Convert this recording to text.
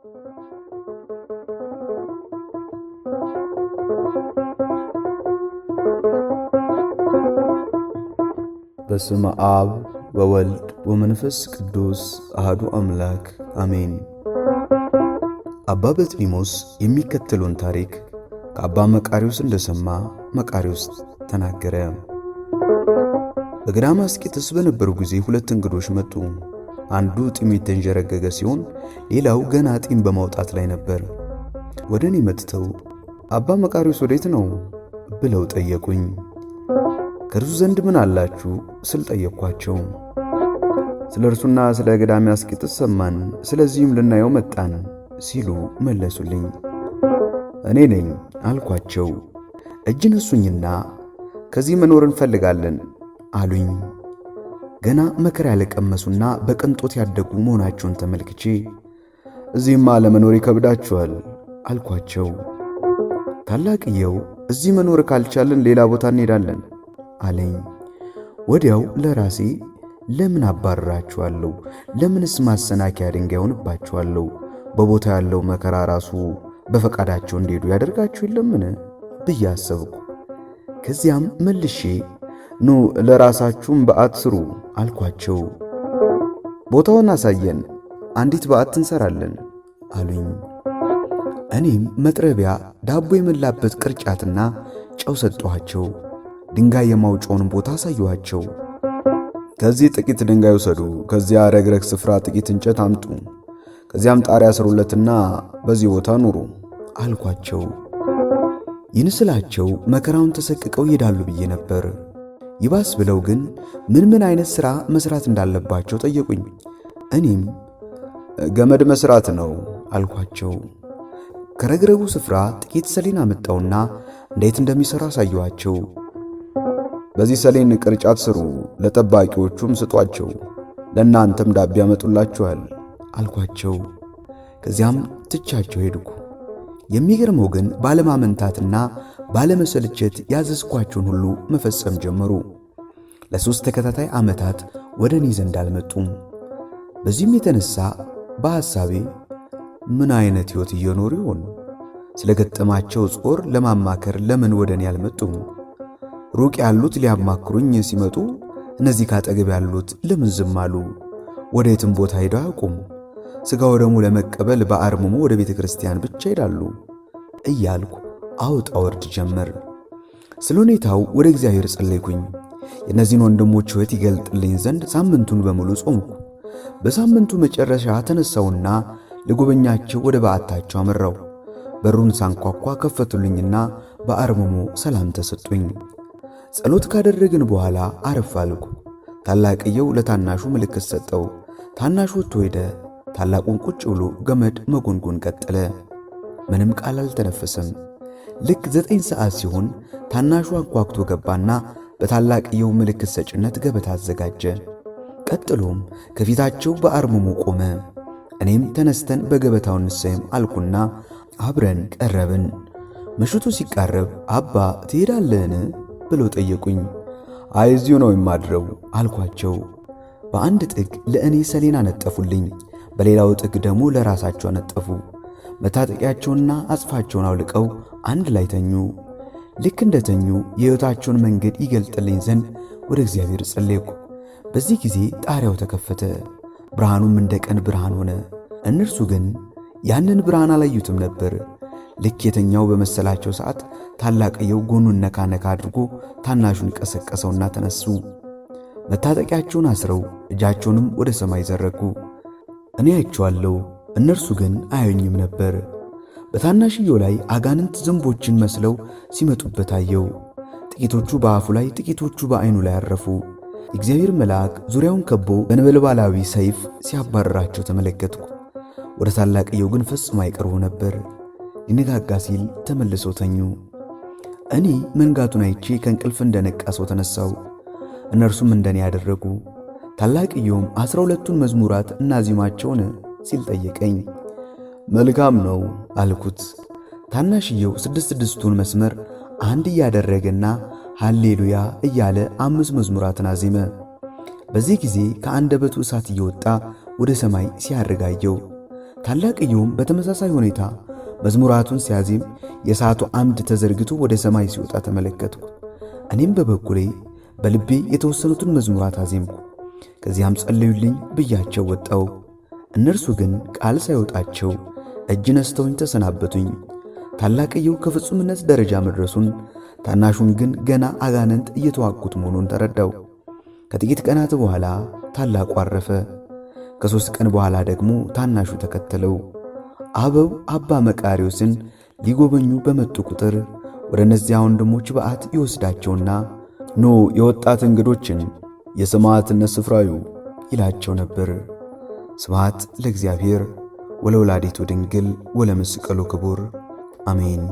በስመ አብ ወወልድ ወመንፈስ ቅዱስ አህዱ አምላክ አሜን። አባ በጥሊሞስ የሚከተለውን ታሪክ ከአባ መቃሪዎስ እንደሰማ መቃሪዎስ ተናገረ። በገዳመ አስቄጥስ በነበሩ ጊዜ ሁለት እንግዶች መጡ። አንዱ ጢም የተንዠረገገ ሲሆን ሌላው ገና ጢም በማውጣት ላይ ነበር። ወደ እኔ መጥተው አባ መቃሪዎስ ወዴት ነው ብለው ጠየቁኝ። ከእርሱ ዘንድ ምን አላችሁ ስል ጠየቅኳቸው። ስለ እርሱና ስለ ገዳሜ አስቄጥስ ሰማን፣ ስለዚህም ልናየው መጣን ሲሉ መለሱልኝ። እኔ ነኝ አልኳቸው። እጅ ነሱኝና ከዚህ መኖር እንፈልጋለን አሉኝ። ገና መከራ ያለቀመሱና በቅንጦት ያደጉ መሆናቸውን ተመልክቼ እዚህማ ለመኖር ይከብዳችኋል አልኳቸው። ታላቅየው እዚህ መኖር ካልቻለን ሌላ ቦታ እንሄዳለን አለኝ። ወዲያው ለራሴ ለምን አባርራችኋለሁ? ለምንስ ማሰናከያ ድንጋይ ሆንባችኋለሁ? በቦታ ያለው መከራ ራሱ በፈቃዳቸው እንዲሄዱ ያደርጋችሁ የለምን ብዬ አሰብኩ። ከዚያም መልሼ ኑ ለራሳችሁም በዓት ስሩ አልኳቸው። ቦታውን አሳየን፣ አንዲት በዓት እንሰራለን አሉኝ። እኔም መጥረቢያ፣ ዳቦ የመላበት ቅርጫትና ጨው ሰጠኋቸው። ድንጋይ የማውጫውን ቦታ አሳየኋቸው። ከዚህ ጥቂት ድንጋይ ውሰዱ፣ ከዚያ ረግረግ ስፍራ ጥቂት እንጨት አምጡ፣ ከዚያም ጣሪያ ስሩለትና በዚህ ቦታ ኑሩ አልኳቸው። ይህን ስላቸው መከራውን ተሰቅቀው ይሄዳሉ ብዬ ነበር። ይባስ ብለው ግን ምን ምን አይነት ሥራ መሥራት እንዳለባቸው ጠየቁኝ። እኔም ገመድ መሥራት ነው አልኳቸው። ከረግረጉ ስፍራ ጥቂት ሰሌን አመጣውና እንዴት እንደሚሠራ አሳየኋቸው። በዚህ ሰሌን ቅርጫት ስሩ፣ ለጠባቂዎቹም ስጧቸው፣ ለእናንተም ዳቦ ያመጡላችኋል አልኳቸው። ከዚያም ትቻቸው ሄድኩ። የሚገርመው ግን ባለማመንታትና ባለመሰልቸት ያዘዝኳቸውን ሁሉ መፈጸም ጀመሩ። ለሦስት ተከታታይ ዓመታት ወደ እኔ ዘንድ አልመጡም። በዚህም የተነሳ በሐሳቤ ምን አይነት ሕይወት እየኖሩ ይሆን? ስለ ገጠማቸው ጾር ለማማከር ለምን ወደ እኔ አልመጡም? ሩቅ ያሉት ሊያማክሩኝ ሲመጡ እነዚህ ካጠገብ ያሉት ለምን ዝም አሉ? ወደ የትም ቦታ ሄደው አያውቁም። ሥጋ ወደሙ ለመቀበል በአርምሞ ወደ ቤተ ክርስቲያን ብቻ ይሄዳሉ እያልኩ አውጣ ወርድ ጀመር። ስለ ሁኔታው ወደ እግዚአብሔር ጸለይኩኝ። የእነዚህን ወንድሞች ሕይወት ይገልጥልኝ ዘንድ ሳምንቱን በሙሉ ጾምኩ። በሳምንቱ መጨረሻ ተነሳውና ልጎበኛቸው ወደ በዓታቸው አመራው። በሩን ሳንኳኳ ከፈቱልኝና በአርምሞ ሰላም ተሰጡኝ። ጸሎት ካደረግን በኋላ አረፍ አልኩ። ታላቅየው ለታናሹ ምልክት ሰጠው። ታናሹ ወጥቶ ሄደ። ታላቁን ቁጭ ብሎ ገመድ መጎንጎን ቀጠለ። ምንም ቃል አልተነፈሰም። ልክ ዘጠኝ ሰዓት ሲሆን ታናሹ አንኳኩቶ ገባና በታላቅየው ምልክት ሰጭነት ገበታ አዘጋጀ። ቀጥሎም ከፊታቸው በአርምሞ ቆመ። እኔም ተነስተን በገበታው እንሰይም አልኩና አብረን ቀረብን። ምሽቱ ሲቃረብ አባ ትሄዳለህን ብለው ጠየቁኝ። አይዚሁ ነው የማድረው አልኳቸው። በአንድ ጥግ ለእኔ ሰሌና ነጠፉልኝ፣ በሌላው ጥግ ደግሞ ለራሳቸው አነጠፉ። መታጠቂያቸውንና አጽፋቸውን አውልቀው አንድ ላይ ተኙ። ልክ እንደ ተኙ የሕይወታቸውን መንገድ ይገልጥልኝ ዘንድ ወደ እግዚአብሔር ጸለይኩ። በዚህ ጊዜ ጣሪያው ተከፈተ፣ ብርሃኑም እንደ ቀን ብርሃን ሆነ። እነርሱ ግን ያንን ብርሃን አላዩትም ነበር። ልክ የተኛው በመሰላቸው ሰዓት ታላቅየው ጎኑን ነካ ነካ አድርጎ ታናሹን ቀሰቀሰውና ተነሱ። መታጠቂያቸውን አስረው እጃቸውንም ወደ ሰማይ ዘረጉ። እኔ አይቼዋለሁ እነርሱ ግን አያዩኝም ነበር። በታናሽየው ላይ አጋንንት ዝንቦችን መስለው ሲመጡበት አየው። ጥቂቶቹ በአፉ ላይ፣ ጥቂቶቹ በአይኑ ላይ አረፉ። የእግዚአብሔር መልአክ ዙሪያውን ከቦ በነበልባላዊ ሰይፍ ሲያባረራቸው ተመለከትኩ። ወደ ታላቅየው ግን ፈጽሞ አይቀርቡ ነበር። ሊነጋጋ ሲል ተመልሰው ተኙ። እኔ መንጋቱን አይቼ ከእንቅልፍ እንደነቃ ሰው ተነሳው። እነርሱም እንደኔ ያደረጉ። ታላቅየውም ዐሥራ ሁለቱን መዝሙራት እናዚማቸውን ሲል ጠየቀኝ። መልካም ነው አልኩት። ታናሽየው ስድስት ስድስቱን መስመር አንድ እያደረገና ሃሌሉያ እያለ አምስት መዝሙራትን አዜመ። በዚህ ጊዜ ከአንደበቱ እሳት እየወጣ ወደ ሰማይ ሲያረጋየው፣ ታላቅየውም በተመሳሳይ ሁኔታ መዝሙራቱን ሲያዜም የእሳቱ አምድ ተዘርግቶ ወደ ሰማይ ሲወጣ ተመለከትኩ። እኔም በበኩሌ በልቤ የተወሰኑትን መዝሙራት አዜምኩ። ከዚያም ጸለዩልኝ ብያቸው ወጣው። እነርሱ ግን ቃል ሳይወጣቸው እጅ ነስተውኝ ተሰናበቱኝ። ታላቅየው ከፍጹምነት ደረጃ መድረሱን፣ ታናሹን ግን ገና አጋንንት እየተዋጉት መሆኑን ተረዳው። ከጥቂት ቀናት በኋላ ታላቁ አረፈ። ከሦስት ቀን በኋላ ደግሞ ታናሹ ተከተለው። አበው አባ መቃሪዎስን ሊጎበኙ በመጡ ቁጥር ወደ እነዚያ ወንድሞች በዓት ይወስዳቸውና ኖ የወጣት እንግዶችን የሰማዕትነት ስፍራዩ ይላቸው ነበር። ስብሐት ለእግዚአብሔር ወለወላዲቱ ድንግል ወለመስቀሉ ክቡር አሜን።